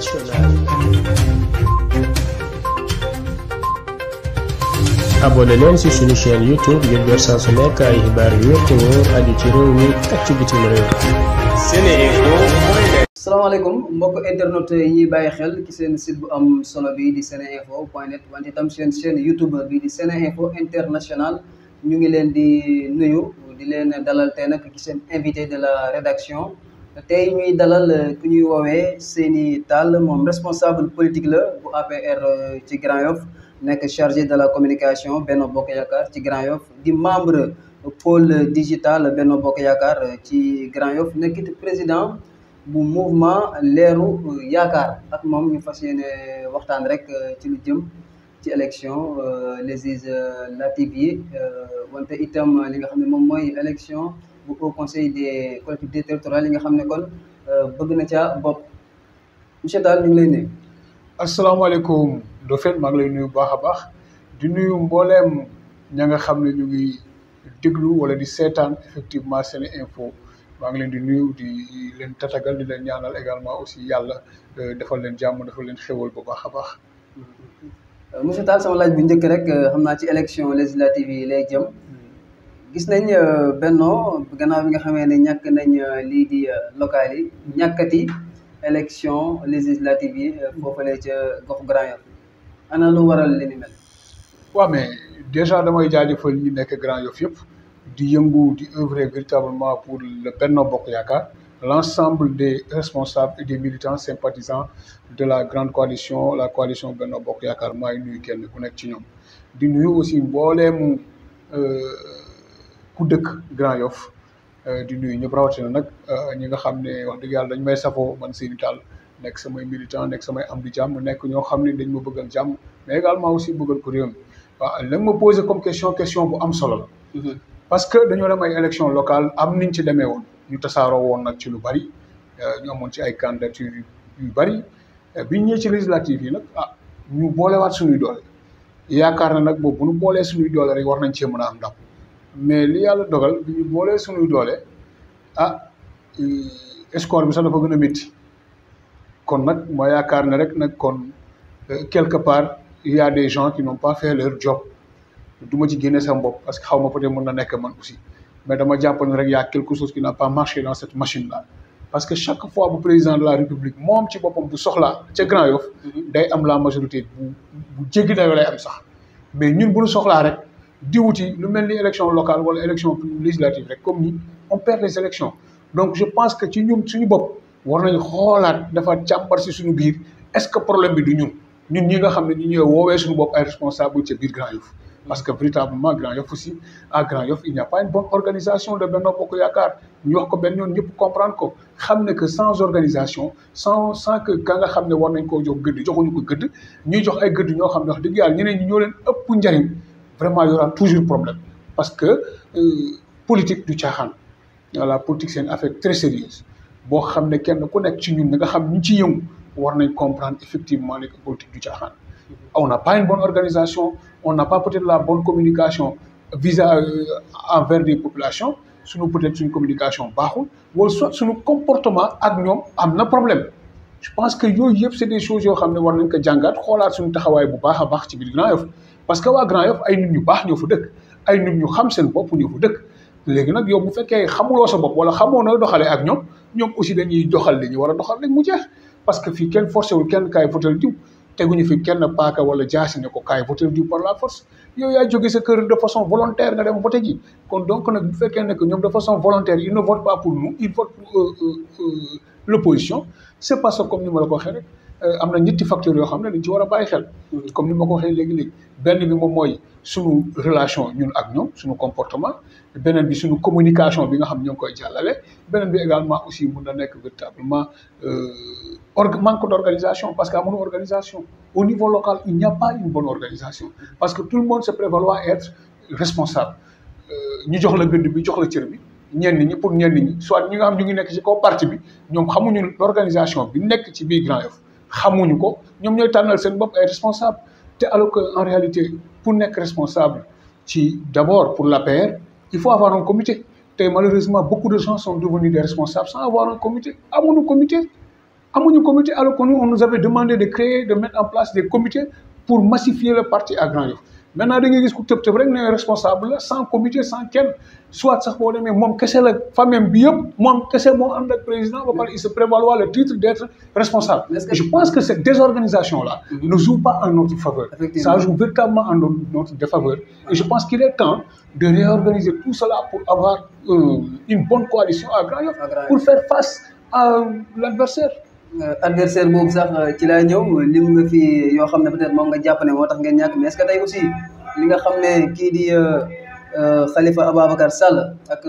internationale. abonné leen ci suñu chaîne youtube ngir jot saa su nekk ay xibaar yu wér te ci réew mi ak ci bitim réew. asalaamaaleykum mbokk internet yi bàyyi xel ci seen site am solo bi di seneinfo point seen chaîne youtube bi di international ñu ngi leen di nuyu di leen dalal tey nag ci seen invité de la rédaction. tey ñuy dalal euh, ku ñuy woowee Seyni Tall moom responsable politique la bu APR euh, ci Grand Yoff nekk chargé de la communication Benno Bokk Yaakaar ci Grand Yoff di membre pôle digital Benno Bokk Yaakaar euh, ci Grand Yoff nekkit président bu mouvement leeru yaakaar ak moom ñu fas yéene waxtaan rek ci lu jëm ci élection législative yi wante itam li nga xam ne moom mooy élection bu Haut Conseil des collectivités territoriales yi nga xam ne kon euh, bëgg na caa bopp monsieur daal ñu ngi ni nuyu. asalaamaaleykum Ndofène maa ngi lay nuyu bu baax a baax di nuyu mbooleem ña nga xam ne ñu ngi diglu wala di seetaan effectivement seen info maa leen di nuyu di leen tatagal di leen ñaanal également aussi yàlla euh, defal leen jàmm defal leen xéwal bu baax a baax. Euh, monsieur Tall sama laaj bu njëkk rek xam naa ci élection législative yi lay jëm. gis nañ euh, Benno gannaaw bi nga xamee ne ñàkk nañ euh, lii di euh, locales yi ñàkkati élection législative yi foofalee ca Grand Yoff ana lu waral li ni mel. waaw mais déjà damay jaajëfal ñi yëpp di yëngu di œuvrer véritablement pour le Benno Bokk Yaakaar l'ensemble des responsables et des militants sympathisants de la grande coalition la coalition Benno Bokk Yaakaar maa ngi kenn ku nekk ci ñoom di nuyu aussi mbooleemu. bu dëkk Grand Yoff euh, di nuyu ñu rawatina nag euh, ñi nga xam ne wax dëgg yàlla dañ may safoo man Seydou taal nekk samay militant nekk samay am di jàmm nekk ñoo xam ne dañ ma bëggal jàmm mais également aussi bëggal ko réew mi waaw la ma posé comme question question bu am solo la mm-hmm. parce que dañoo dem ay élection locale am niñ ci demee woon ñu tasaaroo woon nag ci lu bari euh, ñu amoon ci ay candidature yu bari biñ ñëwee ci législative yi nag ah ñu boolewaat suñuy dool yaakaar na nag boobu bu ñu boolee suñuy doole rek war nañ cee mën a am ndam mais li yàlla dogal bi ñu boolee suñuy doole ah score bi sax dafa gën a métti kon nag ma yaakaar ne rek nag kon euh, quelque part il y a des gens qui n'ont pas fait leur job du ma ci génne sama bopp parce que xaw ma peut-être na nekk man aussi mais dama jàpp ne rek y a quelque chose qui n'a pas marché dans cette machine là parce que chaque fois bu président de la république moom ci boppam bu soxlaa ca Grand Yoff mm-hmm. day am la majorité bu bu jéggi dayoo lay am sax mais ñun bu soxlaa rek di wuti lu mel ni élection locale wala élection législative rek comme ni on perd les élections donc je pense que ci ñun suñu bopp war nañ xoolaat dafa càmbar si suñu biir est-ce que problème bi du ñun ñun ñi nga xam ne ñu ñëwee woowee suñu bopp ay responsable ca biir Grand Yoff parce que véritablement Grand Yoff aussi à Grand Yoff il n'y pas une bonne organisation de Benno Bokk Yaakaar ñu wax ko benn yoon ñëpp comprendre ko xam ne que sans organisation sans sans que ka xam ne war nañ koo jox gëdd joxuñu ko gëdd ñuy jox ay gëdd ñoo xam ne wax dëgg yàlla ñeneen ñi ñoo leen ëpp njariñ vraiment y toujours problème parce que euh, politique du caaxaan voilà politique c'est une affaire très sérieuse boo xam ne kenn ku nekk ci ñun nga xam ñu ci yëngu war nañ comprendre effectivement ne politique du caaxaan on n'a pas une bonne organisation on n'a pas peut-être la bonne communication vis-à euh, envers des populations suñu peut-être suñu communication baaxul wala soit suñu comportement ak ñoom am na problème je pense que yooyu yëpp c'est des choses yoo xam ne war nañ ko jàngaat xoolaat suñu bu baax a baax ci biir Grand parce que waa Grand Yoff ay nit ñu baax ñoo fa dëkk ay nit ñu xam seen bopp ñoo fa dëkk léegi nag yow bu fekkee xamuloo sa bopp wala xamoo nooy doxalee ak ñoom ñoom aussi dañuy doxal li ñu war a doxal rek mu parce que fii kenn forcé wul kenn kaay votel diw teguñu fi kenn paaka wala jaasi ne ko kaay votel diw par la force yow yaa jóge sa kër de façon volontaire nga dem vote kon donc nag bu fekkee ne que ñoom de façon volontaire ils ne votent pas pour nous ils votent pour euh, euh, euh, l'opposition comme ni ma la waxee rek Euh, am na ñetti facteurs yoo xam ne dañ ci war a bàyyi xel. comme ni ma ko waxee léegi benn bi moom mooy suñu relation ñun ak ñoom suñu comportement beneen bi suñu communication bi nga xam ñoo ngi koy jàllale beneen bi également aussi mun na nekk véritablement euh, org manque d' organisation parce que amuñu organisation au niveau local il n'y a pas une bonne parce que tout le monde se prévaloir être euh, ñu jox la gëdd bi jox la cër bi. ñenn ñi pour ñenn ñi soit ñi nga xam ñu ngi nekk ci kaw parti bi ñoom xamuñu organisation bi nekk ci biir Grand Yoff xamuñu ko ñoom ñooy tànnal seen bopp ay responsable te alors que en réalité pour nekk responsable ci d'abord pour l'APR il faut avoir un comité te malheureusement beaucoup de gens sont devenus des responsables sans avoir un comité amuñu comité amuñu comité alors que nous on nous avait demandé de créer de mettre en place des comités pour massifier le parti à grand maintenant da ngay gis ku tëb tëb rek ne responsable la sans comité sans kenn soit sax boo demee moom kese la famille bi yëpp moom kese moo ànd ak président ba pare il se prévaloir le titre d' responsable. je pense que cette désorganisation là. Mm-hmm. ne joue pas en notre faveur. ça joue véritablement en notre défaveur. et je pense qu'il est temps de réorganiser tout cela pour avoir euh, une bonne coalition à Grand pour faire face à euh, l'adversaire Euh, adversaire boobu sax euh, ci laa ñëw lim nga fi yoo xam ne peut-être moom nga jàpp ne moo tax nga ñàkk mais est-ce que tey aussi li nga xam ne kii di euh, Khalifa Ababacar Sall ak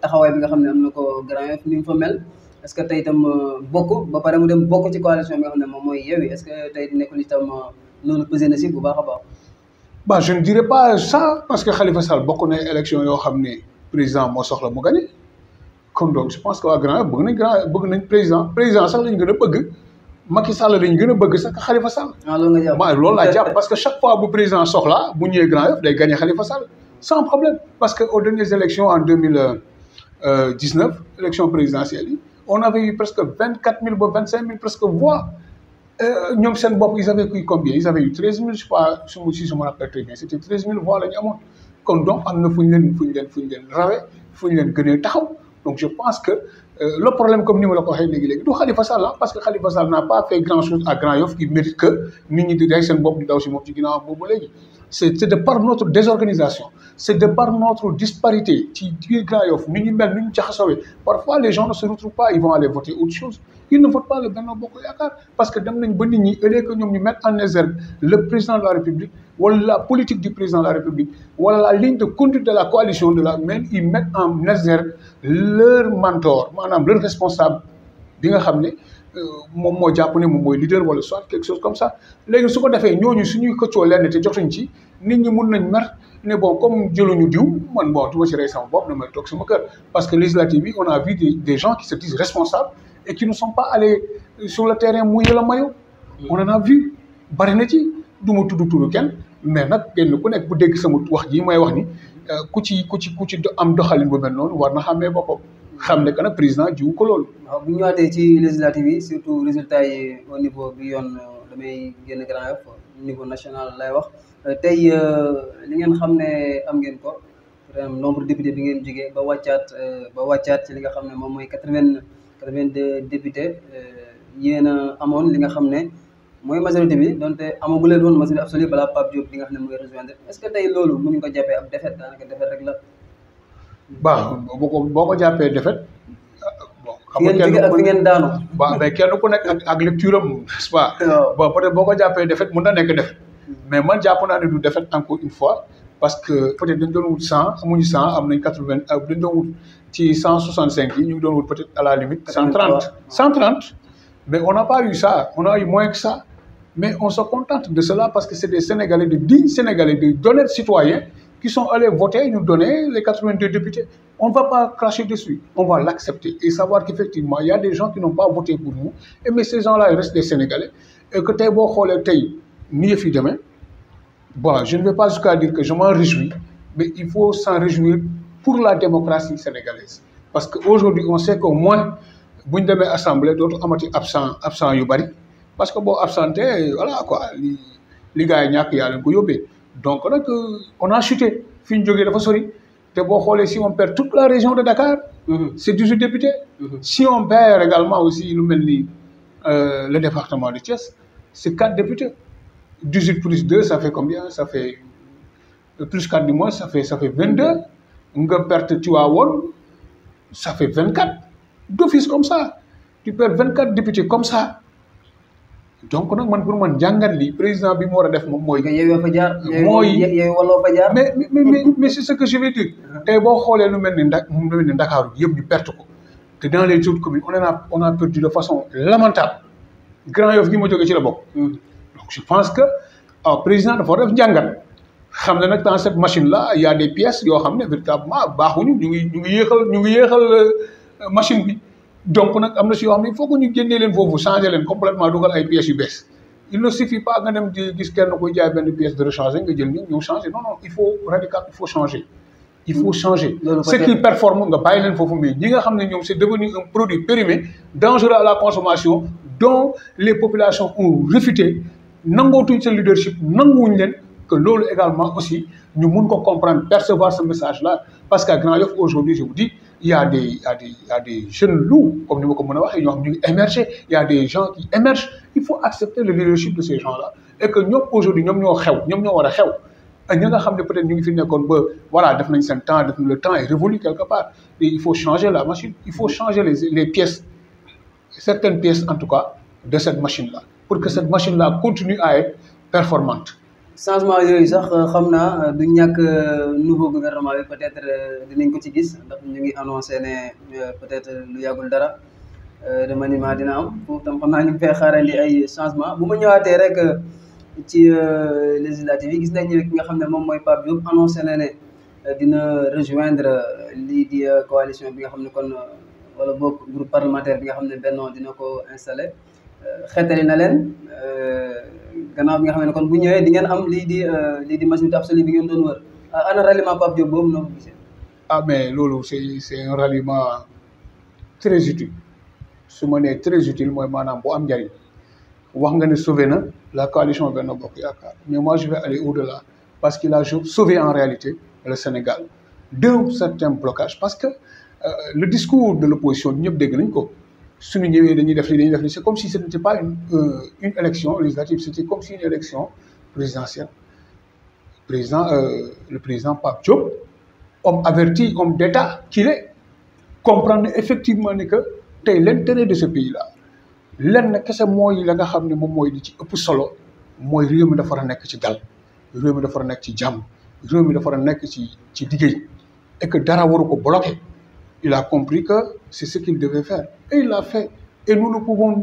taxawaay bi nga xam ne am na ko Grand Yoff ni mu fa mel est-ce que tey itam bokk ba pare mu dem bokk ci coalition nga xam ne moom mooy Yewwi est-ce que tey nekkul itam loolu pesé na si bu baax a baax. bon je ne dirais pas ça parce que xalifa Sall bokk na élection yoo xam ne président moo soxla mu gagné. comme donc je pense que waa Grand Yoff bëgg nañ Grand bëgg nañ président président sax lañ gën a bëgg Macky Sall gën a bëgg sax Khalifa Sall. Ah, waaw loolu laa jàpp parce que chaque fois bu président soxla bu ñëwee Grand Yoff day gagné Khalifa Sall sans problème parce que aux dernières élections en deux mille euh, dix neuf élection présidentielle yi on avait eu presque vingt quatre mille ba vingt cinq mille presque voix euh, ñoom seen bopp ils avaient eu combien ils avaient eu donc je pense que euh, le problème comme ni ma la ko waxee du Khalifa Sall ah, parce que Khalifa Sall n'a pas fait grand chose à Grand Yoff qui mérite que nit ñi di rey seen bopp di daw si moom ci c'est de par notre désorganisation c'est de par notre disparité ci Grand Yoff ni ñu mel ni ñu jaxasawee parfois les gens ne se retrouvent pas ils vont aller voter autre chose ils ne votent pas le Benno Bokk parce que dem nañ ba nit ñi que ñoom ñu en exergue le président de la République wala la politique du président de la République wala la ligne de conduite de la coalition de la même ils mettent en exergue leur mentor maanaam nga xam ne Euh, moom moo jàpp ne moom mooy leader wala soit quelque chose comme ça léegi su defee ñooñu suñuy xëccoo lenn te jotuñ ci nit ñi mun nañ mer ne bon comme jëluñu diw man bon duma ci rey sama bopp damay toog sama kër parce que législative bi on a vu des des gens qui se disent responsables et qui ne sont pas allés sur le terrain mouiller le maillot on en a vu bari na ci du ma tudd turu kenn mais nag kenn ku nekk bu dégg sama wax ji may wax ni euh, ku ci ku ci ku ci am doxalin bu mel noonu war na xàmmee boppam xam ne que nag président jiwu ko loolu. waaw bu ñu ñëwaatee ci législative yi surtout résultat yi au niveau bi yoon damay génn grand yëpp niveau national lay wax tey euh, li ngeen xam ne am ngeen ko nombre député bi ngeen jógee ba wàccaat euh, ba wàccaat ci li nga xam ne moom mooy quatre vingt quatre vingt deux député euh, yéen a amoon li nga xam ne mooy majorité bi donte amagu leen woon majorité absolue balaa Pape Diop li nga xam ne mooy rejoindre est ce que tey loolu mënuñ ko jàppee ab défaite daanaka défaite rek la. waaw boo ko boo ko jàppee defet bon xam nga ngeen daanu waaw mais ku nekk ak ak lecture am boo ko jàppee defet mën na nekk def mais man jàpp naa ne du defet encore une fois parce que peut-être dañ doon cent cent am nañ quatre vingt euh, dañ doon wut ci cent soixante cinq yi ñu ngi doon wut peut à la limite cent trente cent trente mais on n'a pas eu ça on a eu moins que ça mais on se contente de cela parce que c'est des Sénégalais de dignes Sénégalais de honnêtes citoyens qui sont allés voter et nous donner les 82 députés. On ne va pas cracher dessus, on va l'accepter et savoir qu'effectivement, il y a des gens qui n'ont pas voté pour nous, et mais ces gens-là, ils restent des Sénégalais. Et que Taïbo Khole Taï, ni demain, voilà, je ne vais pas jusqu'à dire que je m'en réjouis, mais il faut s'en réjouir pour la démocratie sénégalaise. Parce qu'aujourd'hui, on sait qu'au moins, buñ demee assemblée dootu amati absent absent yu bari parce que boo absenté voilà quoi li li gars yi ñàkk yaa donc nag on a chuté fi ñu jógee dafa sori te boo xoolee si on perd toute la région de Dakar. Mm-hmm. c'est dix-huit députés. Mm-hmm. si on perd également aussi lu mel ni euh, le département de Thiès c'est quatre députés dix-huit plus deux ça fait combien ça fait plus quatre du vingt-deux nga perte Tivaouane ça fait vingt-quatre d'office comme ça tu perds vingt-quatre députés comme ça. donc nag man pour man jàngat li président bi mu war a def moom mooy. yow fa jaar mooy yow waloo fa jaar. mais mais ce que je veux dire. Uh-huh. boo xoolee lu mel ni nda lu mel ni yëpp ñu perte ko te dans les autres communes o a on a perdu de façon lamentable Grand Yoff gi ma jógee ci la bokk. Hmm. je pense que ah, président dafa war a jàngat xam ne nag dans cette machine la il y a yoo xam ne véritablement baaxuñu ñu ngi ñu ngi yéexal ñu ngi yéexal euh, machine bi. donc nag am na si yoo xam ne il faut que ñu génnee leen foofu changé leen complètement dugal ay pièces yu il ne suffit pas nga dem di gis kenn kuy jaay benn pièce de rechange nga jël ñëw changé non non il faut radical il il faut changer ce qui performe nga bàyyi leen foofu mais ñi nga xam ne ñoom c'est devenu un produit périmé dangereux à la consommation dont les populations ont réfuté nangootuñ seen leadership nanguwuñ leen que loolu également aussi ñu mun ko comprendre percevoir ce message là parce qu'à Grand ya y a des jeunes loups comme ni ma ko mën a waxee ñoo xam ñu ngi émerger il y a des gens qui émergent il faut accepter le leadership de ces gens là et que ñoom aujourd'hui ñoom ñoo xew ñoom ñoo war a xew ak ñi nga xam ne peut-être ngi fi nekkoon ba voilà nañ seen temps def nañ le temps est révolu quelque part il faut changer la machine il faut changer les les pièces certaines pièces en tout cas de cette machine là pour que cette machine là continue à être performante changement yooyu sax euh, xam naa euh, du ñàkk euh, nouveau gouvernement bi peut-être dinañ ko ci gis ndax ñu ngi annoncé ne peut-être lu yaagul dara dama remaniement dina am foofu tam xam naa ñu ngi fay xaarandi ay changement bu ma ñëwaatee rek ci législative yi gis nañ ki nga xam ne moom mooy Pape Diop annoncé na dina rejoindre li di coalition bi nga xam ne kon wala boog groupe parlementaire bi nga xam ne Benno dina ko installé xetali na leen gannaaw bi nga kon bu ñëwee di ngeen am lii di euh, lii di majorité absolue bi ngeen doon wër euh, ana ralliement Pape Diop boobu noonu ah mais loolu c'est un ralliement très utile su ma nee très utile mooy maanaam bu am njariñ wax nga ne sauvé na la coalition Benno Bokk Yaakaar mais moi je vais aller au-delà parce qu'il a sauvé en réalité le Sénégal d'un certain blocage parce que euh, le discours de l'opposition ñëpp dégg nañ ko suñu ñëwee dañuy def li dañuy def li c'est comme si ce n'était pas une euh, une élection législative c'était comme si une élection présidentielle président euh, le président Pape Diop homme averti homme d'État qu'il est comprendre effectivement ni que tey l'intérêt de ce pays là lenn kese mooy la nga xam ni moom mooy li ci ëpp solo mooy réew mi dafa a nekk ci dal réew mi dafa a nekk ci jàmm réew mi dafa a nekk ci ci liggéey et que dara waru ko bloquer il a compris que c'est ce qu'il devait faire Et il l'a fait. Et nous ne pouvons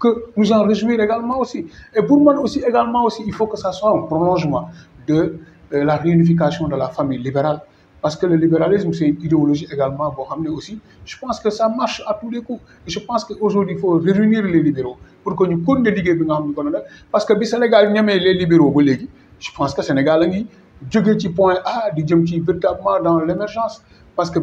que nous en réjouir également aussi. Et pour moi aussi, également aussi, il faut que ça soit un prolongement de euh, la réunification de la famille libérale. Parce que le libéralisme, c'est une idéologie également, vous ramenez aussi. Je pense que ça marche à tous les coups. Et je pense qu'aujourd'hui, il faut réunir les libéraux pour que nous puissions dédier Parce que le Sénégal, il les libéraux. Je pense que le Sénégal, il A, il véritablement dans l'émergence. Parce que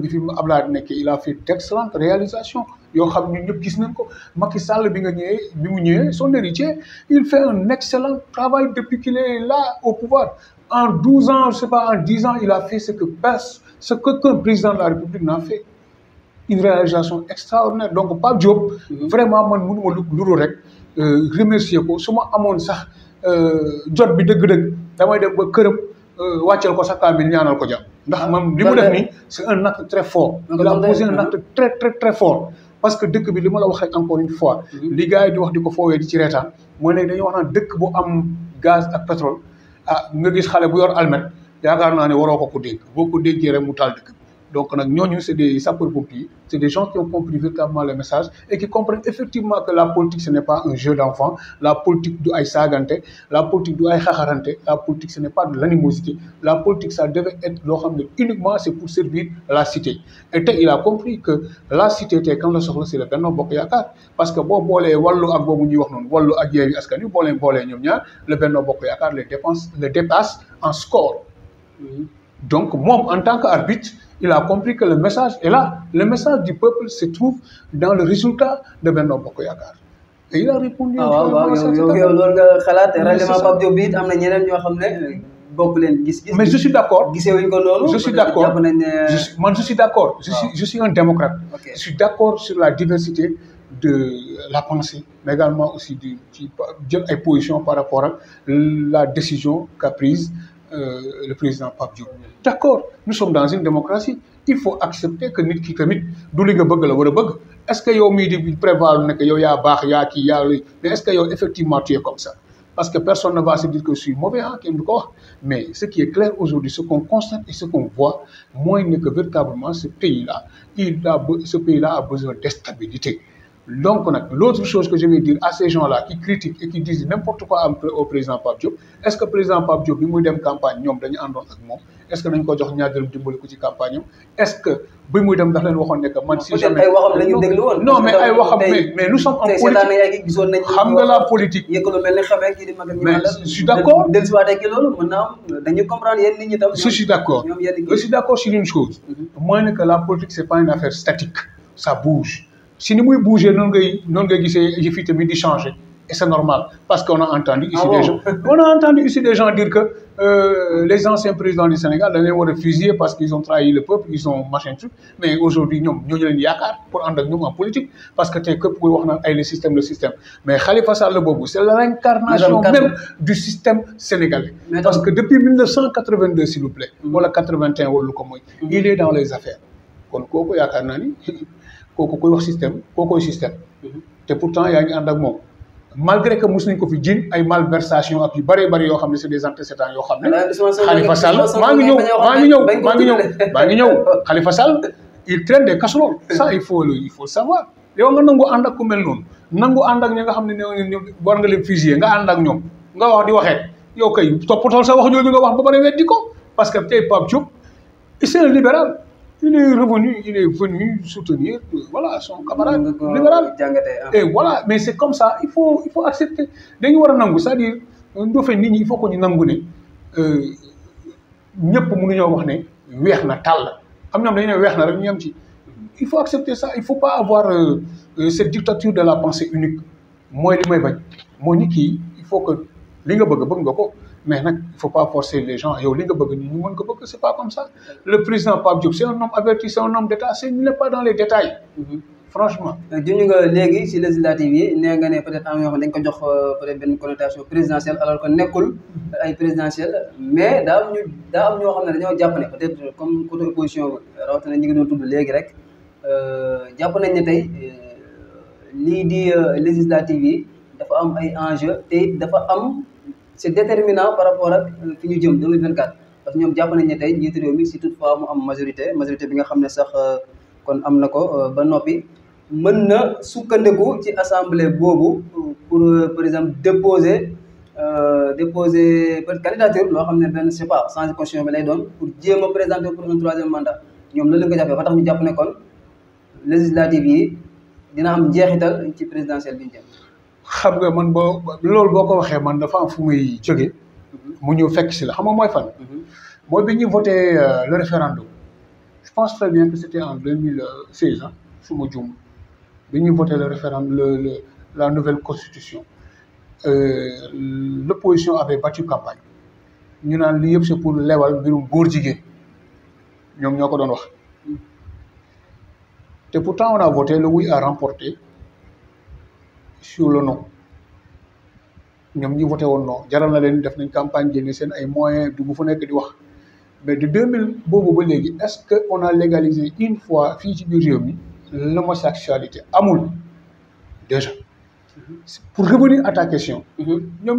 il a fait d'excellentes réalisations. yoo xam ñun ñëpp gis nañ ko Macky Sall bi nga ñëwee bi mu ñëwee son héritier il fait un excellent travail depuis qu'il est là au pouvoir en douze ans je sais pas en dix ans il a fait ce que passe ce que qu'un président de la République n'a fait une réalisation extraordinaire donc Pape Diop mhm. vraiment man mënuma lu luru rek euh, remercier ko su ma amoon sax euh, jot bi dëgg-dëgg damay dem ba këram euh, wàcceel ko sax kaamil ñaanal ko ja ndax man li mu def ni c'est un acte très fort il a posé un mhm. acte très très très fort parce que dëkk bi li ma la wax rek encore une fois. Mhm. li bi yi di wax di ko foowee di ci reetaan mooy léegi dañuy wax naan dëkk bu am gaz ak pétrole ah nga gis xale bu yor almet yaakaar naa ne waroo ko ko dégg boo ko déggee rek mu taal dëkk donc nag ñooñu c' est des sapeurs-pompiers le message et qui comprennent effectivement que la politique ce n' est pas un jeu d' la politique du ay saagante la politique du ay xaxarante la politique ce n' pas de l' animosité la politique ça devait être loo xam ne uniquement c' est pour servir la cité et tey il a compris que la cité tey kan la soxla c' le Benno Bokk Yaakaar parce que bo boolee wàllu ak boobu ñuy wax noonu wàllu ak Yewwi Askan Wi boo leen en tant que arbitre il a compris que le message est là. Le message du peuple se trouve dans le résultat de Benno Bokk Yaakaar. et il a répondu. ah waaw waaw yow yow loolu nga xalaat ralliement Pape Diop bi it am na ñeneen ñoo xam ne bokk leen gis-gis. mais je suis d' accord gisee wuñ ko noonu. je suis d' accord je suis man je suis d' accord. je suis ah. je suis un démocrate. je suis d' accord sur la diversité de la pensée mais également aussi du ci jël ay position par rapport ak la décision qu'a prise. euh, le président Pape Diop d'accord nous sommes dans une démocratie il faut accepter que nit ki tamit du li nga bëgg la war a bëgg est-ce que yow mii di prévoir ne que yow yaa baax yaa kii yaa mais est-ce que yow effectivement tu es comme ça parce que personne ne va se dire que je suis mauvais ah kenn du ko wax que véritablement ce pays là il a ce pays là a besoin de Donc, l'autre chose que je vais dire à ces gens-là qui critiquent et qui disent n'importe quoi au président Pape Diop, est-ce que le président Pape Diop, quand il campagne, nous avons Est-ce que nous avons dit campagne Est-ce que nous avons dit que si jamais... Non, mais, mais, mais nous sommes en politique. la politique. Mais je suis d'accord. Je suis d'accord. d'accord sur une que la politique, ce n'est pas une affaire si ni muy bouger noonu ngay noonu ngay gisee yëf changer et c'est normal parce qu'on a entendu ici ah des gens dire que euh, les anciens présidents du Sénégal dañ leen war a parce qu'ils ont trahi le peuple ils ont machin truc mais aujourd'hui ñoom ñooñu leen yaakaar pour ànd ak en politique parce que tey képp kuy le système le système mais Khalifa Sall boobu c'est l'incarnation même du système sénégalais parce que depuis s'il vous plaît mm. wala kooku koy wax système kookoy système. Mhm. te pourtant yaa ngi ànd ak moom. malgré que mos nañ ko fi jiiñ ay malversation ak yu bëree bëri yoo xam ne c'est des antécédents yoo xam ne. Khalifa Sall il faut savoir yow nga nangu ànd ku mel noonu nangu ànd ak nga xam ne ne nga wax di waxee yow kay toppatoo wax jooju nga wax ba pare weddi ko parce que tey Pape Diop c'est un libéral il est revenu il est venu soutenir euh, voilà son camarade libéral ah. et voilà mais c'est comme ça il faut il faut accepter dañu war a nangu c'est-à-dire Ndofène euh, nit ñi il faut que ñu nangu ne euh, ñëpp mënuñoo wax ne weex na tàll am ñoom dañu ne weex na rek ñu am ci il faut accepter ça il faut pas avoir cette dictature de la pensée unique mooy li may bañ moo ni kii il faut que li nga bëgg bëgg nga ko mais nag il faut pas forcer les gens yow li nga bëgg ñu mën bëgg c'est pas comme ça le président Pape Diop c'est un homme averti c'est un homme d'État c'est il pas dans les détails franchement euh, junñu nga léegi si législative yi nee nga ne peut-être dañ ko jox euh, peut-être benn connotation présidentielle alors que nekkul ay présidentielle mais daa am ñu daa am ñoo xam ne dañoo jàpp ne peut-être comme côté opposition rawatina ñi ngi doon tudd léegi rek euh, jàpp nañ ne tey nii di législative yi dafa am ay enjeu dafa am c'est déterminant par rapport ak euh, fi ñu jëm 2024 parce que ñoom jàpp nañ ne tey njiitu réew mi si toutefois mu am majorité majorité bi nga xam ne sax euh, kon am na ko euh, ba noppi mën na sukkandiku ci assemblée boobu pour par exemple déposer déposer peut candidature loo xam ne benn je sais pas changer constitution bi lay doon pour jéem a présenter pour un troisième mandat ñoom loolu la ñu ko jàppee ba tax ñu jàpp ne kon législative yi dina am jeexital ci présidentielle bi ñu jëm xam nga man boo loolu boo ko waxee man dafa am fu muy jóge mhm. mu ñëw fekk si la xam nga mooy fan. Mhm. mooy bi ñuy voté euh, le référendum je pense très bien que c' en deux mille euh, seize ah su ma juum bi ñuy voté le référendum le, le la nouvelle constitution euh, l' opposition avait battu campagne ñu naan li yëp c' pour lewal mbirum góor jigéen ñoom ñoo ko doon wax mhm. te pourtant on a voté le oui a remporté. suula non ñoom ñi voté woon non jaral na leen def nañ campagne génne seen ay moyen du bu fu nekk di wax mais de 2000 boobu ba léegi est-ce que on a légalisé une fois fii ci biir réew mi l'homosexualité amul déjà pour revenir à ta ñoom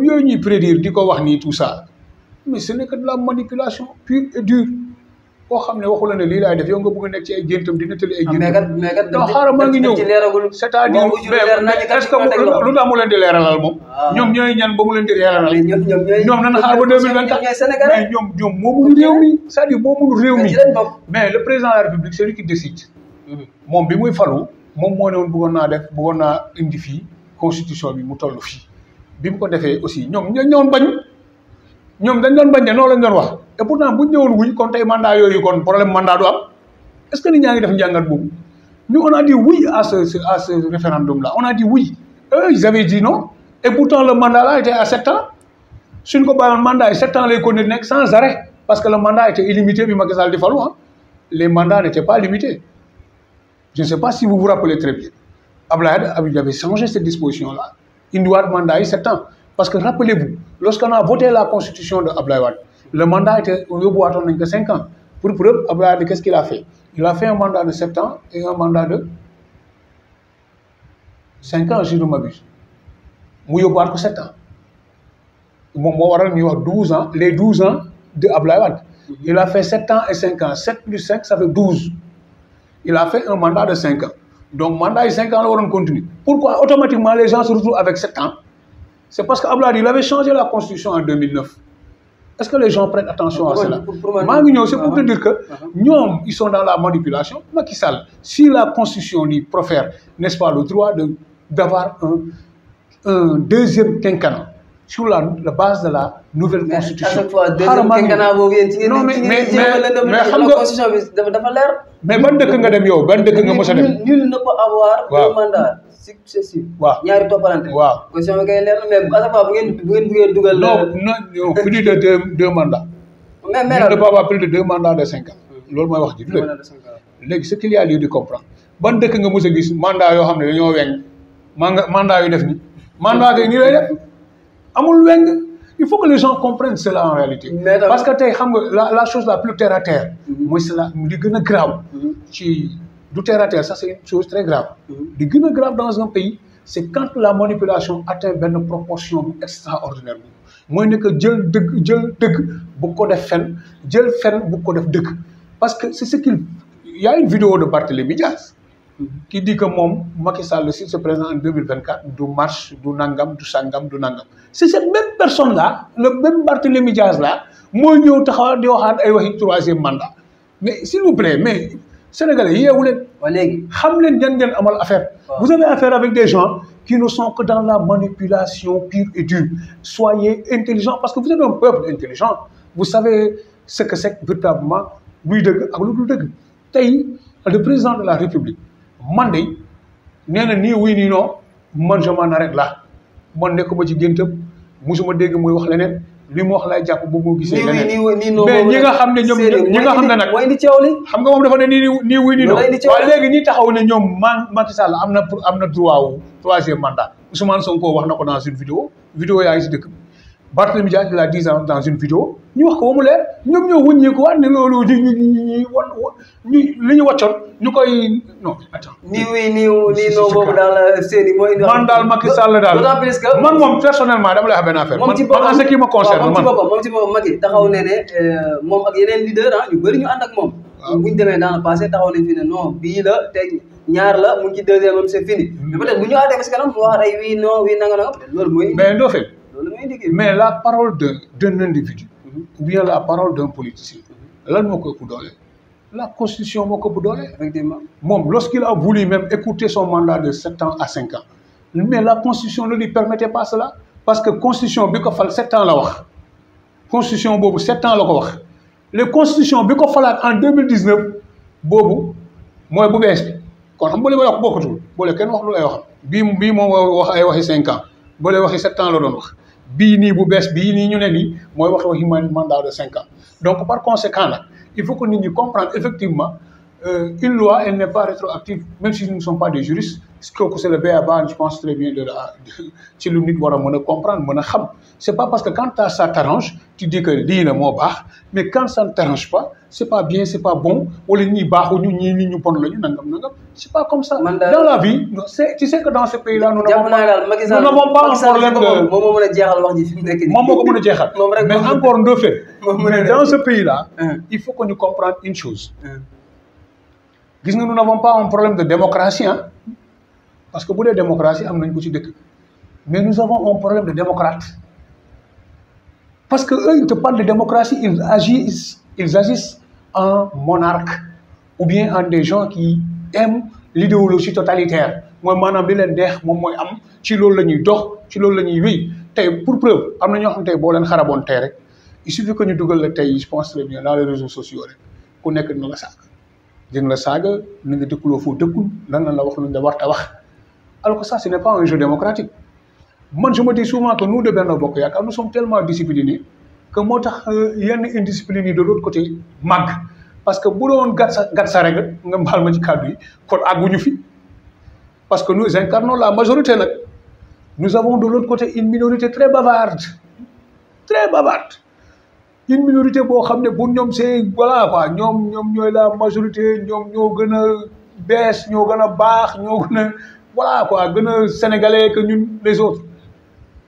yooyu ñuy prédire di ko wax nii tout mais ce n'est que de la manipulation pure et dure koo xam ne waxu la ne lii laay def yow nga bëgg a nekk ci ay jéntam di nettali ay jéntam ah, non xaaral maa ngi ñëw c'est-à-dire est-ce que lu tax mu leen di leeralal moom ah. ñoom ñooy ñan ba mu leen di leeralal ñoom nan xaar ba deux mais ñoom ñoom moomuñu réew mi mais le président république c'est lui qui décide moom bi muy falu moom moo ne woon bëggoon naa def bëggoon naa indi fii constitution bi mu toll fi bi mu ko defee aussi ñoom ñoo ñoon bañ ñoom dañ doon bañ ne noonu lañ doon wax et pourtant bu ñu ñëwoon wuy kon tey mandat yooyu kon problème mandat du am est-ce que nit ñaa ngi def njàngat boobu nous on a dit oui à ce référendum là on a dit oui eux ils avaient dit non et pourtant le mandat là était à sept ans suñ ko bàyyoon mandat yi sept ans lay continuer nekk sans parce que le mandat était illimité bi Macky Sall di falu ah les mandats n'étaient pas limités je ne sais pas si vous vous rappelez très bien Abdoulaye Wade avait changé cette disposition la indiwaat mandat yi sept ans parce que rappelez-vous lorsqu'on a voté la constitution de Abdoulaye le mandat était yóbbuwaatoon nañ ko cinq ans pour preuve qu'est-ce qu'il a fait il a fait un mandat de sept ans et un mandat de cinq ans si je ne m'abuse sept ans moom moo waral ñuy douze ans les douze ans de Abdoulaye il a fait sept ans et cinq ans sept plus cinq ça fait douze il a fait un mandat de cinq ans donc mandat yi cinq ans la waroon continuer pourquoi automatiquement les gens se retrouvent avec sept ans c'est parce que Abdoulaye il avait est-ce que les gens prennent attention à cela maa ngi c'est pour te dire que ñoom ils sont dans la manipulation Macky Sall si la constitution lui profère n'est-ce pas le droit d'avoir un deuxième quinquennat sur la la base de la nouvelle constitution. maa ngi non mais mais mais xam leer. mais ban dëkk nga dem yow ban dëkk nga mos a nul ne peut avoir deux mandats. successive. waaw ñaari toppalante. waaw question bi kay leer na mais à chaque de deux mandats. mais de pas avoir de deux mandats de cinq ans. Hmm. loolu mooy wax ji du léegi ce qu'il y a lieu de comprendre ban dëkk nga mos a gis mandat yoo xam ne dañoo weng manga mandat yu def ni mandat kay nii amul weng il faut que les gens comprennent cela en réalité parce que tey xam nga la la chose la plus terre à terre hmm. mooy cela li gën a grave hmm. ci du terre à terre ça c'est une chose très grave li gën grave dans un pays c'est quand la manipulation atteint benn proportion bu extraordinaire bu mooy ne que jël dëgg jël dëgg bu ko def fen jël fen bu ko def dëgg parce que c'est ce qu'il y a une vidéo de Barthélémy Dias qui dit que moom Macky Sall s'il se présente en deux mille vingt quatre du marche du nangam du sangam du nangam c'est cette même personne là le même Barthélémy Dias là mooy ñëw taxaw di waxaat ay waxi mandat mais s'il vous plaît mais Sénégalais yeewu leen. waaw léegi xam leen ñan ngeen amal affaire. vous avez affaire avec des gens qui ne sont que dans la manipulation pure et dure. soyez intelligents parce que vous êtes un peuple intelligent. vous savez ce que c'est véritablement luy dëgg ak lu dul dëgg tey le président de la république man de nee na nii wuy nii non man je m'en arrête là man nekkuma ci géntam musuma dégg muy wax leneen. li mu wax lay jàpp bu mu gisee leneen mais ñi nga xam ne ñoom ñi nga xam ne nag mooy indi coow li xam nga ne nii nii wuy am na droit wu troisième mandat Ousmane Sonko wax na ko dans une vidéo vidéo yaa ngi si dëkk Barthélemy Diaz il a dit dans une vidéo ñu wax ko ba mu leer ñoom ñoo wëññeeku ñu ñu ñu ñu wan ñu li ñu wàccoon ñu koy non. attends nii oui nii oh, nii non boobu daal euh, Séni mooy. man daal Macky Sall daal man moom personnellement dama lay wax benn affaire. man en ce qui me concerne man moom ci boppam Macky taxaw ne ne euh, moom ak yeneen leader ah ñu bëri ñu ànd ak moom. waaw bu ñu demee dans le passé taxaw nañ fi ne non bii la teg ñaar la mu ngi ci deuxième am la fini. Hmm. mais peut-être bu ñu àndee parce que mu wax ay oui non oui nanga nanga loolu mooy. mais Ndofène. mais la parole d'un d'un individu mhm. ou la parole d'un politicien mhm. lan moo ko ëpp doole la constitution moo ko ëpp doole moom lorsqu'il a voulu même écouter son mandat de sept ans à cinq ans mais la constitution ne lui permettait pas cela parce que constitution bi ko fal sept ans la wax constitution boobu sept ans la ko wax le constitution bi ko falaat en deux mille dix neuf boobu mooy bu bees bi kon xam nga li may wax bokkatul boole kenn wax lu lay wax bii bii moom wax ay waxi cinq ans boole waxi sept doon wax bii nii bu bees bii nii ñu ne nii mooy wax waxi mandat de cinq ans donc par conséquent nag il faut que nit ñi comprendre effectivement euh, une loi, elle n'est pas rétroactive, même si nous ne sommes pas des juristes. Ce que c'est le BABA, je pense très bien de la. Si l'on doit comprendre, Ce n'est pas parce que quand ça t'arrange, tu dis que l'île est moins bas, mais quand ça ne t'arrange pas, ce n'est pas bien, ce n'est pas bon, ou les ni bas, ou ni ni ni ni Ce n'est pas comme ça. Dans la vie, tu sais que dans ce pays-là, nous n'avons pas, un problème de. Mais encore deux faits. Dans ce pays-là, il faut que nous comprenions une chose. gis nga nous n'avons pas un problème de démocratie ah parce que bu dee démocratie am nañ ko ci dëkk mais nu avons un problème de démocrate parce que eux ils te parlent de démocratie ils agissent ils agissent en monarque ou bien en des gens qui aiment l'idéologie totalitaire mooy maanaam bi leen deex moom mooy am ci lool la ñuy dox ci loolu la ñuy wéy tey pour preuve am na ñoo xam tey boo leen xaraboon tey rek il suffit que ñu dugal la tey je pense très bien dans les réseaux sociaux rek ku nekk dina la saaga ni nga dëkkuloo foo dëkkul nan la la wax luñ la war a wax alors que ça ce n'est pas un jeu démocratique man je me dis souvent que nous de Benno Bokk Yaakaar nous sommes tellement disciplinés que moo tax euh, yenn indiscipline yi de l'autre côté màgg parce que bu doon gat sa gat sa rek nga mbaal ma ci kàddu yi kon àgguñu fi parce que nous incarnons la majorité nag nous avons de l'autre côté une minorité très bavarde très bavarde une minorité boo xam ne bu ñoom c'est voilà quoi ñoom ñoom ñooy la majorité ñoom ñoo gën a bees ñoo gën a baax ñoo gën a voilà quoi gën a sénégalais que ñun les autres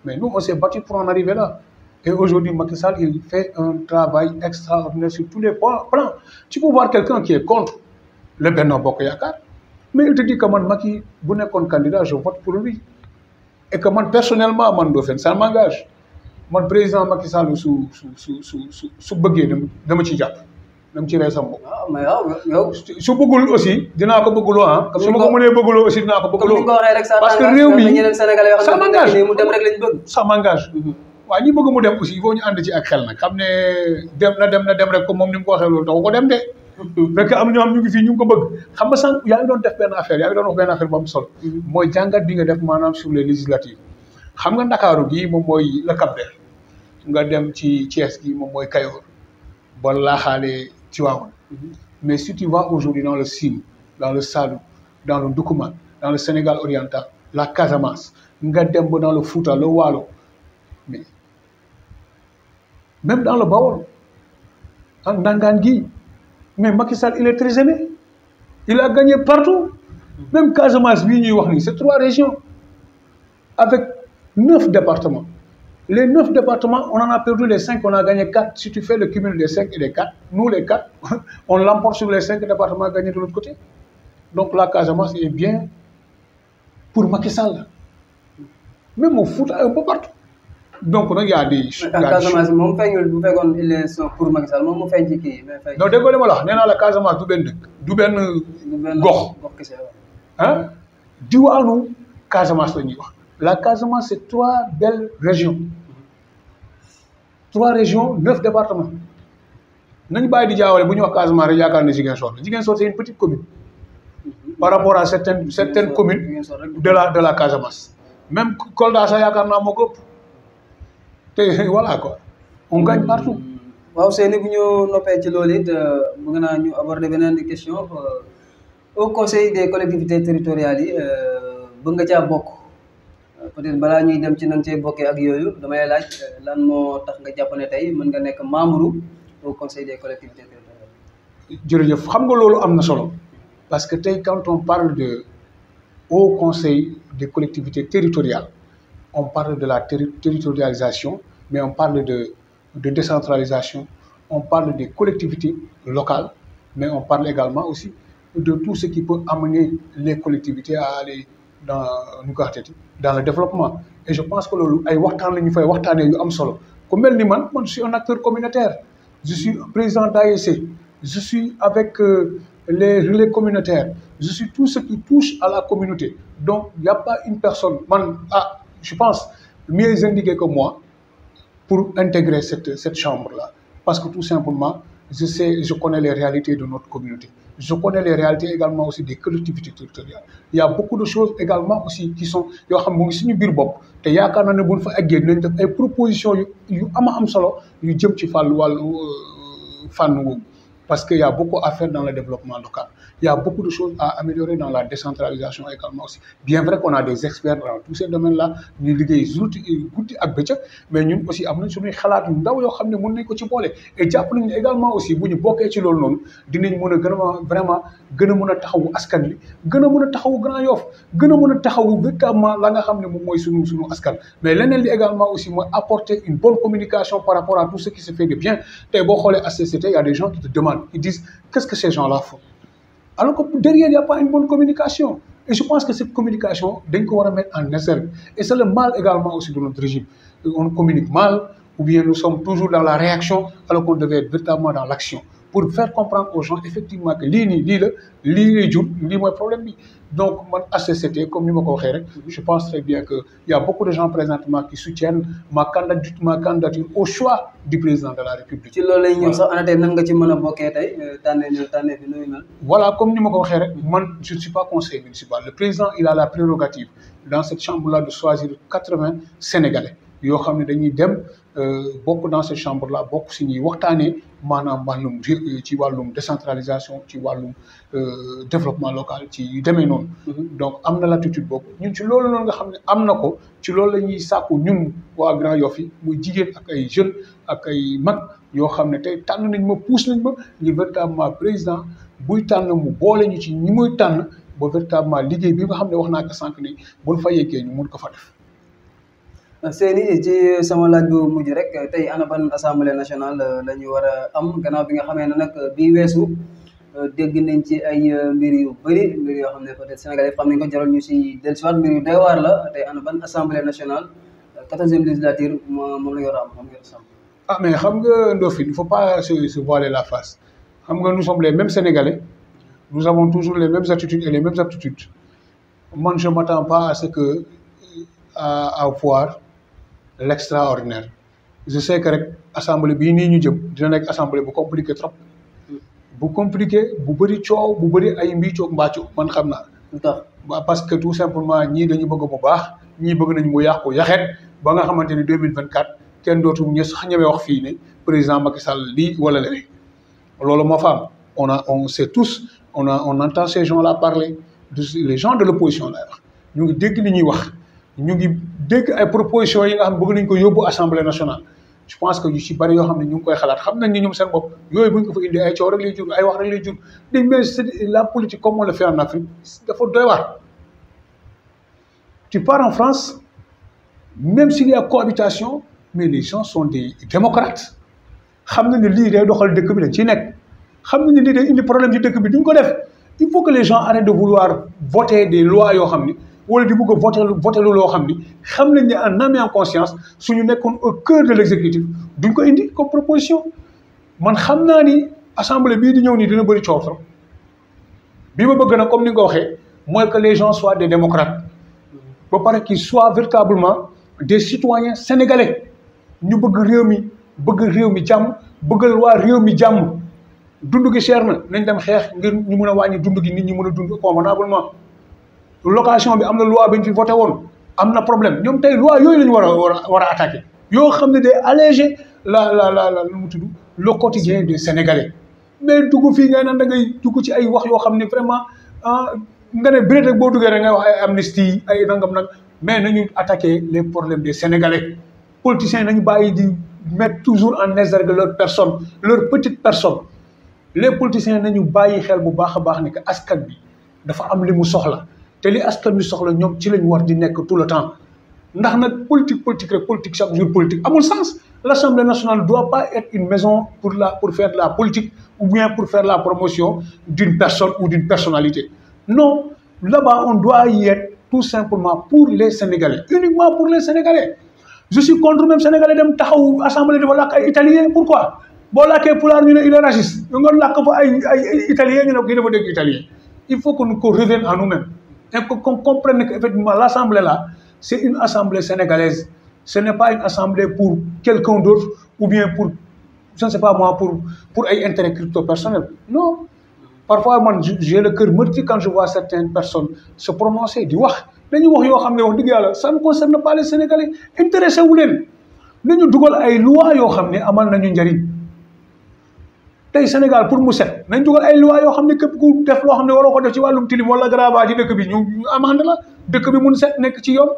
mais nous on s'est battu pour en arriver là et aujourd'hui Macky Sall il fait un travail extraordinaire sur tous les plans tu peux voir quelqu'un qui est contre le Benno Bokk Yaakaar mais il te dit que man Macky bu nekkoon candidat je vote pour lui et que man personnellement man doo fen man président Macky Sall su su su su su su bëggee dama dama ciy jàpp dama ci rey sama bopp. waaw ah, mais su bëggul aussi dina ko bëggloo ah. su ma ko mënee bëggloo aussi dinaa que réew mi ça m'engage mu dem ñi bëgg mu dem aussi il faut ñu ànd ci ak xel nag xam ne dem na dem na dem rek moom ni mu ko waxee loolu taxu ko dem de. Mhm. fekk am ñoo am ñu ngi ñu ko bëgg xam nga sànq yaa ngi doon def benn affaire yaa ngi doon wax benn affaire bu am mhm. mooy jàngat bi nga def maanaam sur les législatives xam nga Ndakaaru gii moom mooy le Cap Vert nga dem ci Thiès gi moom mooy Kayor ba laaxaale Tivaouane mm-hmm. mais si tu vas aujourd'hui dans le Sine dans le Saloum dans le Ndoukoumane dans le Sénégal oriental la Casamance nga dem ba dans le Fouta le Waalo mais même dans le Bawol ah Ndangaan gi mais Macky Sall il est très aimé il a gagné partout mm-hmm. même Casamance bii ñuy wax nii c'est trois régions avec neuf départements Les neuf départements, on en a perdu les cinq, on a gagné quatre. Si tu fais le cumul des cinq et des quatre, nous les quatre, on l'emporte sur les cinq départements gagnés de l'autre côté. Donc la Casamance est bien pour Macky Sall. Même au foot, un peu donc nag y' a des. mais Casamance moom feeñul bu fekkoon pour Macky Sall moom mu feeñ ci kii. non dégg nga li ma la wax nee naa la Casamance du benn dëkk. du benn gox du benn Casamance la ñuy wax. La Casamance, c'est trois belles régions. Trois régions, neuf départements. Nous pas dit Casamance, c'est une petite commune par rapport à certaines, certaines de la, de la Casamance. Même Kolda, ça y Voilà quoi. On gagne partout. waaw Seyni bu ñu noppee ci loolu it euh, mën naa ñu aborder beneen question euh, au conseil des collectivités territoriales yi euh, bëgg nga caa bokk peut-être balaa ñuy dem ci nan ci bokkee ak yooyu damay laaj eh, lan moo tax nga jàpp ne tey man nga nekk membre au conseil des collectivités jërëjëf xam nga loolu am na solo parce que tey quand on parle de haut conseil de collectivité territoriales on parle de la terri territorialisation mais on parle de de décentralisation on parle de collectivité local mais on parle également aussi de tout ce qui peut amener les collectivités à aller dans nu ko waxteeti dans le développement et je pense que loolu ay waxtaan la ñu fay waxtaanee yu am solo ku ni man man je suis un acteur communautaire je suis président d'AEC je suis avec euh, les relais communautaires je suis tout ce qui touche à la communauté donc il n'y a pas une personne man ah je pense mieux indiqué que moi pour intégrer cette cette chambre là parce que tout simplement je sais je connais les réalités de notre communauté je connais les réalités également aussi des collectivités territoriales il y a beaucoup de choses également aussi qui sont yoo xam mu ngi suñu biir bopp te yaakaar naa ne buñ fa eggee nañ ay propositions yu yu ama am solo yu jëm ci fàllu wàllu euh, fànn woowu parce que y a beaucoup à faire dans le développement local il y a beaucoup de choses à améliorer dans la décentralisation également aussi bien vrai qu'on a des experts dans tous ces domaines-là ñu liggéey guddi guddi ak bëccëg mais ñun aussi am nañ suñuy xalaat yu ndaw yoo xam ne mën nañ ko ci boole et jàpp nañu également aussi bu ñu bokkee ci loolu noonu dinañ mën a gën vraiment gën a mën a taxawu askan bi gën a mën a taxawu Grand Yoff gën a a taxawu véritablement la nga xam ne moom mooy suñu suñu askan mais leneen a des gens qui te demandent ils disent qu'est-ce que ces gens-là alors que derrière y a pas une bonne communication et je pense que cette communication dañ ko war a mettre en exergue et c'est le mal également aussi de notre régime on communique mal ou bien nous sommes toujours dans la réaction alors qu'on devait être véritablement dans l'action pour faire comprendre aux gens effectivement que lii nii lii la jur lii mooy problème bi donc man HCCT comme ni ma ko waxee rek je pense très bien que y a beaucoup de gens présentement qui soutiennent ma candidature ma au choix du président de la République. ci loolu lay ñëw sax ana tey nan nga ci mën a bokkee tey euh, tànnee tànnee bi nuyu na. voilà comme ni ma ko waxee rek man je ne suis pas conseiller municipal le président il a la prérogative dans cette chambre là de choisir quatre-vingts Sénégalais yoo xam ne dañuy dem euh, bokk dans cette chambre là bokk si ñuy waxtaanee. maanaam wàllum ci wàllum décentralisation ci wàllum euh, développement local ci yu demee noonu. Mm-hmm. donc am na latitude boobu ñun ci loolu noonu nga xam ne am na ko ci loolu la ñuy sàkku ñun waa Grand Yoff yi muy jigéen ak ay jeunes ak ay mag yoo xam ne tey tànn nañ ma pousse ba ma li véritablement président buy tànn mu boole ñu ci ñi muy tànn ba véritablement liggéey bi nga xam ne wax naa ko sànq ni buñ fa yeggee ñu mun ko fa def. seeni ci sama laaj bu mujj rek tey ana ban assemblée nationale euh, la ñu war a am gannaaw bi nga xamee ne nag bii weesu euh, dégg nañ ci ay euh, mbir yu bëri mbir yoo xam ne peut-être sénégalais xam nañ ko jaral ñu si dellusiwaat mbir yu doy waar la tey ana ban assemblée nationale quatorzième législature moom la am moom ngeen ah, mais xam nga Ndofane il faut pas se voiler la face xam nga nous sommes les mêmes sénégalais nous avons toujours les mêmes attitudes et les mêmes aptitudes man je m'attends que à à l'extraordinaire je sais que rek assemblée bii nii ñu jëb dina nekk assemblée bu compliqué trop bu compliqué bu bëri coow bu bëri ay mbiicoog mbàccu man xam naa parce que tout simplement ñii dañu bëgg mu baax ñii bëgg nañ mu yàqu yaxet ba nga xamante ni deux mille vingt quatre kenn dootu ñu sax ñemee wax fii ne président Macky Sall lii wala leneen loolu moo fa on a on sait tous on a on entend ces la là parler de les gens de l'opposition la wax ñu dégg li ñuy wax ñu ngi dégg ay propositions yi nga xam ne bëgg nañ ko yóbbu assemblée nationale je pense que yu ci bari yoo xam ne ñu ngi koy xalaat xam nañ ni ñoom seen bopp yooyu bu ñu ko fa indi ay coow rek lay jur ay wax rek lay jur dañ mais c'est la politique comme on le fait Afrique dafa doy tu pars en France même s'il y a cohabitation mais les gens sont des démocrates xam na ne lii day doxal dëkk bi dañ ci nekk xam na ne de day indi problème ci dëkk bi duñ ko def il faut que les gens arrêtent de vouloir voter des lois yoo xam ni wala di bëgg a voté voté loo xam ni xam nañ ne en âme et en conscience suñu nekkoon au cœur de l' exécutif duñ ko indi comme proposition man xam naa ni assemblée bii di ñëw nii dana bëri coow trop bi ma bëgg na comme ni nga ko waxee mooy que les gens soient des démocrates ba pare qu'ils soient véritablement des citoyens sénégalais ñu bëgg réew mi bëgg réew mi jàmm bëggal waa réew mi jàmm dund gi cher na nañ dem xeex ngir ñu mun a wàññi dund gi nit ñu mën a dund convenablement location bi am na loi bi ñu fi woon am na problème ñoom tey loi yooyu la war a war a war a yoo xam ne de allégé la la la lu mu tudd le quotidien des Sénégalais mais dugg fii ngay naan da ngay dugg ci ay wax yoo xam ne vraiment ah nga ne bëreet boo duggee rek ngay wax ay amnistie ay nangam nag mais nañu attaqué les problèmes des Sénégalais politiciens nañu bàyyi di mettre toujours en exergue leur personne leur petite personne les politiciens nañu bàyyi xel bu baax a baax ni que askan bi dafa am li mu soxla. te li askan wi soxla ñoom ci lañ war di nekk tout le temps ndax nag politique politique rek politique chaque jour politique amul sens l'Assemblée nationale doit pas être une maison pour la pour faire de la politique ou bien pour faire la promotion d'une personne ou d'une personnalité non là-bas on doit y être tout simplement pour les Sénégalais uniquement pour les Sénégalais je suis contre même Sénégalais dem taxaw assemblée dafa làkk ay italien pourquoi boo làkkee pulaar ñu ne il est raciste nga làkk fa ay il faut que nous et qu'on comprenne qu'effectivement l'Assemblée là, c'est une Assemblée sénégalaise. Ce n'est pas une Assemblée pour quelqu'un d'autre ou bien pour, je ne sais pas moi, pour, pour un intérêt crypto-personnel. Non. Parfois, man j'ai le cœur meurtri quand je vois certaines personnes se prononcer, dire Wah, ça ne concerne pas les ay Intéressez-vous. Nous avons des lois qui sont tey Sénégal pour mu set nañ dugal ay loi yoo xam ne képp ku loo xam ne waroo ko def ci wàllum tilim wala gravats ci dëkk bi ñu amande la set nekk ci yoon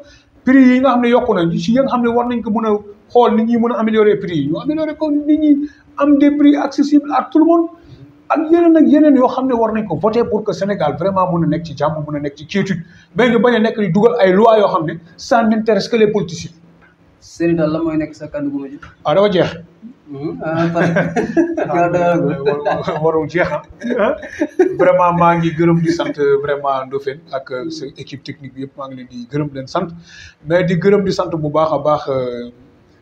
prix yi nga xam ne xam ne war nañ ko mën a xool nit a améliorer prix yi ñu améliorer ko nit ñi am des prix accessibles yeneen yoo xam ne war nañ ko voter pour que vraiment mën a nekk ci jàmm mën a nekk ci quiétude mais ñu bañ nekk di dugal ay loi yoo xam ne ça n'intéresse que les politiciens. Serigne Tall la mooy nekk sa kàddu gu mujj. ah dafa warul jeex vraiment maa ngi gërëm di sant vraiment Ndofène ak équipe technique bi yëpp maa ngi leen di gërëm leen sant mais di gërëm di sant bu baax a baax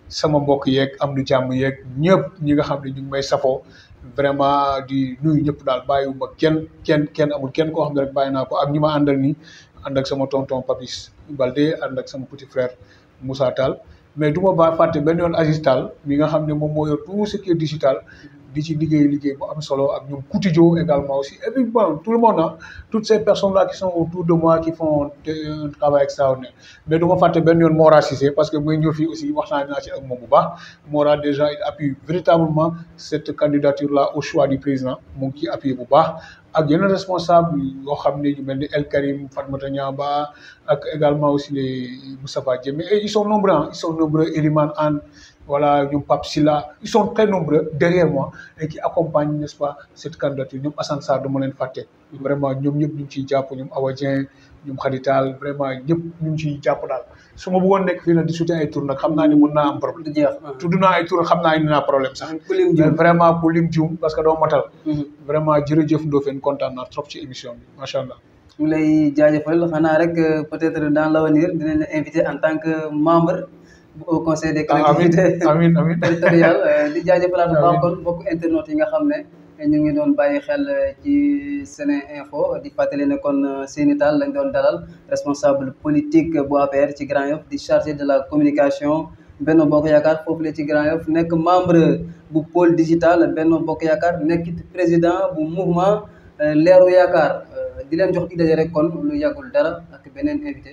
sama mbokk yeeg am du jàmm yeeg ñëpp ñi nga xam ne ñu ngi may vraiment di nuyu ñëpp daal bàyyiwuma kenn kenn kenn amul kenn koo xam ne rek bàyyi naa ko ak ñu ma àndal nii ànd ak sama tonton Papis Balde ànd ak sama petit frère Moussa Tall mais du ma ba fàtte benn yoon agistal Tall mi nga xam ne moom moo yor tout ce qui est digital di ci liggéey liggéey bu am solo ak ñoom Koutidio également aussi et puis bon tout le monde ah toutes ces personnes là qui sont autour de moi qui font un travail extraordinaire mais du ma fàtte benn yoon Mora Cissé parce que muy ñëw fii aussi waxtaan naa ci ak moom bu baax Mora déjà il appuie véritablement cette candidature là au choix du président mu ngi ciy appuyé bu baax ak yeneen responsable yoo xam ne ñu mel ni El Karim Fatmata Niamba ak également aussi les Moustapha Diémé et ils sont nombreux ils sont nombreux Eliman Anne voilà ñoom Pape Silla ils sont très nombreux derrière moi et qui accompagnent n'est-ce pas cette candidature ñoom Assane Sarr dama leen fàtte vraiment ñoom ñëpp ñu ngi ciy jàpp ñoom Awa Dieng ñoom xaritaal vraiment ñëpp ñu jàpp daal suma ma bëggoon nekk fii nag di suti ay tour xam naa ni mun naa am problème tudd naa ay tour xam naa ni naa problème sax vraiment ku lim jiw parce que doo matal mm-hmm. vraiment jërëjëf Ndofène kontaan naa trop ci émission bi macha allah mu lay jaajëfal xanaa rek euh, peut-être dans l'avenir dinañ la invité en tant que membre au conseil des collectivités ah, territoriales euh, di jaajëfalaat bu baax kon mbokk internautes yi nga xam ne ñu ngi doon bàyyi xel euh, ci Sene Info di fàttali ne kon euh, Seyni Tall lañ doon dalal responsable politique bu APR ci Grand Yoff di chargé de la communication Benno Bokk Yaakaar foofu la ci Grand Yoff nekk membre bu pôle digital Benno Bokk Yaakaar nekkit président bu mouvement euh, leeru yaakaar di leen jox di daje rek kon lu yàggul dara ak beneen invité